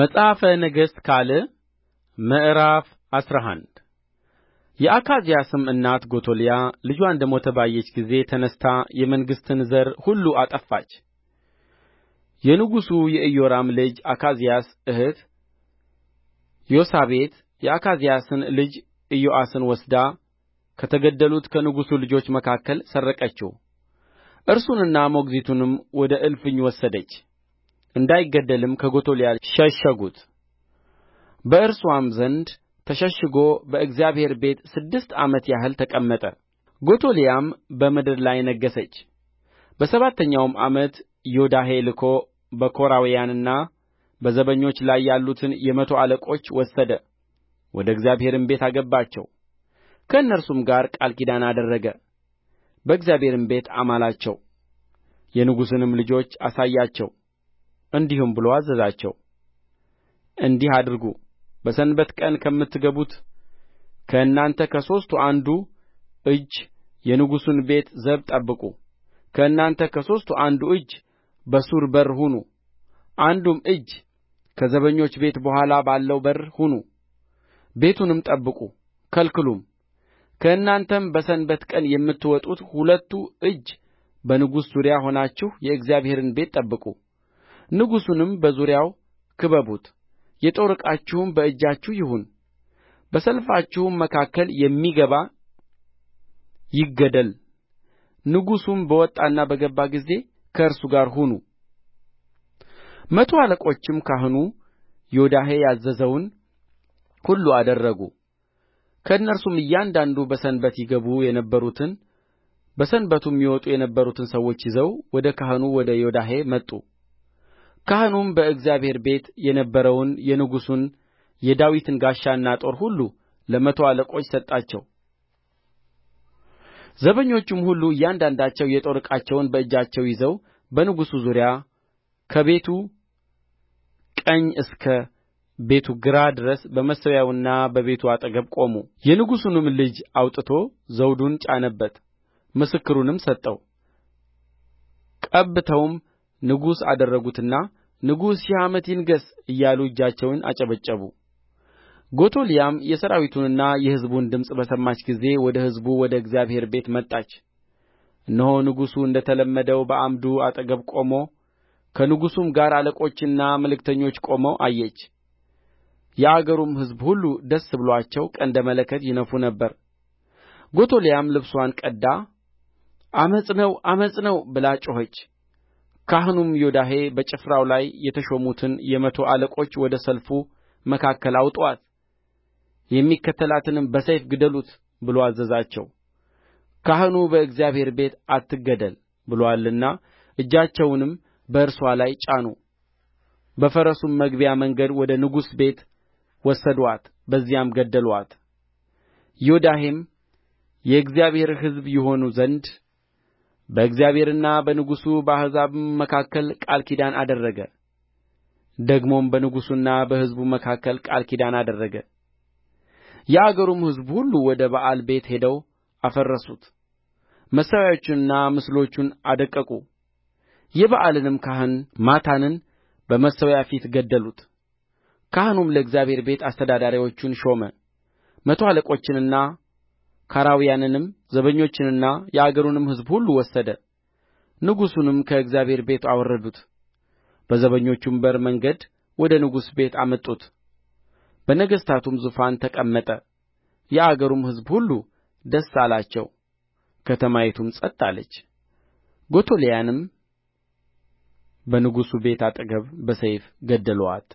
መጽሐፈ ነገሥት ካልዕ ምዕራፍ አስራ አንድ የአካዝያስም እናት ጎቶልያ ልጅዋ እንደ ሞተ ባየች ጊዜ ተነሥታ የመንግሥትን ዘር ሁሉ አጠፋች። የንጉሡ የኢዮራም ልጅ አካዝያስ እህት ዮሳቤት የአካዝያስን ልጅ ኢዮአስን ወስዳ ከተገደሉት ከንጉሡ ልጆች መካከል ሰረቀችው፣ እርሱንና ሞግዚቱንም ወደ እልፍኝ ወሰደች። እንዳይገደልም ከጎቶልያ ሸሸጉት በእርስዋም ዘንድ ተሸሽጎ በእግዚአብሔር ቤት ስድስት ዓመት ያህል ተቀመጠ ጎቶልያም በምድር ላይ ነገሠች በሰባተኛውም ዓመት ዮዳሄ ልኮ በካራውያንና በዘበኞች ላይ ያሉትን የመቶ አለቆች ወሰደ ወደ እግዚአብሔርም ቤት አገባቸው ከእነርሱም ጋር ቃል ኪዳን አደረገ በእግዚአብሔርም ቤት አማላቸው የንጉሡንም ልጆች አሳያቸው እንዲህም ብሎ አዘዛቸው እንዲህ አድርጉ በሰንበት ቀን ከምትገቡት ከእናንተ ከሦስቱ አንዱ እጅ የንጉሡን ቤት ዘብ ጠብቁ ከእናንተ ከሦስቱ አንዱ እጅ በሱር በር ሁኑ አንዱም እጅ ከዘበኞች ቤት በኋላ ባለው በር ሁኑ ቤቱንም ጠብቁ ከልክሉም ከእናንተም በሰንበት ቀን የምትወጡት ሁለቱ እጅ በንጉሥ ዙሪያ ሆናችሁ የእግዚአብሔርን ቤት ጠብቁ ንጉሡንም በዙሪያው ክበቡት የጦር ዕቃችሁም በእጃችሁ ይሁን በሰልፋችሁም መካከል የሚገባ ይገደል ንጉሡም በወጣና በገባ ጊዜ ከእርሱ ጋር ሁኑ መቶ አለቆችም ካህኑ ዮዳሄ ያዘዘውን ሁሉ አደረጉ ከእነርሱም እያንዳንዱ በሰንበት ይገቡ የነበሩትን በሰንበቱም ይወጡ የነበሩትን ሰዎች ይዘው ወደ ካህኑ ወደ ዮዳሄ መጡ ካህኑም በእግዚአብሔር ቤት የነበረውን የንጉሡን የዳዊትን ጋሻና ጦር ሁሉ ለመቶ አለቆች ሰጣቸው ዘበኞቹም ሁሉ እያንዳንዳቸው የጦር ዕቃቸውን በእጃቸው ይዘው በንጉሡ ዙሪያ ከቤቱ ቀኝ እስከ ቤቱ ግራ ድረስ በመሠዊያውና በቤቱ አጠገብ ቆሙ። የንጉሡንም ልጅ አውጥቶ ዘውዱን ጫነበት፣ ምስክሩንም ሰጠው። ቀብተውም ንጉሥ አደረጉትና ንጉሥ ሺህ ዓመት ይንገሥ እያሉ እጃቸውን አጨበጨቡ ጎቶልያም የሠራዊቱንና የሕዝቡን ድምፅ በሰማች ጊዜ ወደ ሕዝቡ ወደ እግዚአብሔር ቤት መጣች እነሆ ንጉሡ እንደ ተለመደው በዓምዱ አጠገብ ቆሞ ከንጉሡም ጋር አለቆችና መለከተኞች ቆመው አየች የአገሩም ሕዝብ ሁሉ ደስ ብሎአቸው ቀንደ መለከት ይነፉ ነበር ጎቶልያም ልብስዋን ቀድዳ ዓመፅ ነው ዓመፅ ነው ብላ ጮኸች ካህኑም ዮዳሄ በጭፍራው ላይ የተሾሙትን የመቶ አለቆች ወደ ሰልፉ መካከል አውጡአት የሚከተላትንም በሰይፍ ግደሉት ብሎ አዘዛቸው ካህኑ በእግዚአብሔር ቤት አትገደል ብሎአልና እጃቸውንም በእርስዋ ላይ ጫኑ በፈረሱም መግቢያ መንገድ ወደ ንጉሥ ቤት ወሰዱአት በዚያም ገደሉአት ዮዳሄም የእግዚአብሔር ሕዝብ ይሆኑ ዘንድ በእግዚአብሔርና በንጉሡ በአሕዛብም መካከል ቃል ኪዳን አደረገ ደግሞም በንጉሡና በሕዝቡ መካከል ቃል ኪዳን አደረገ የአገሩም ሕዝብ ሁሉ ወደ በኣል ቤት ሄደው አፈረሱት መሠዊያዎቹንና ምስሎቹን አደቀቁ የበኣልንም ካህን ማታንን በመሠዊያው ፊት ገደሉት ካህኑም ለእግዚአብሔር ቤት አስተዳዳሪዎችን ሾመ መቶ አለቆችንና ካራውያንንም ዘበኞችንና የአገሩንም ሕዝብ ሁሉ ወሰደ ንጉሡንም ከእግዚአብሔር ቤት አወረዱት በዘበኞቹም በር መንገድ ወደ ንጉሥ ቤት አመጡት በነገሥታቱም ዙፋን ተቀመጠ የአገሩም ሕዝብ ሁሉ ደስ አላቸው ከተማይቱም ጸጥ አለች ጎቶልያንም በንጉሡ ቤት አጠገብ በሰይፍ ገደሉአት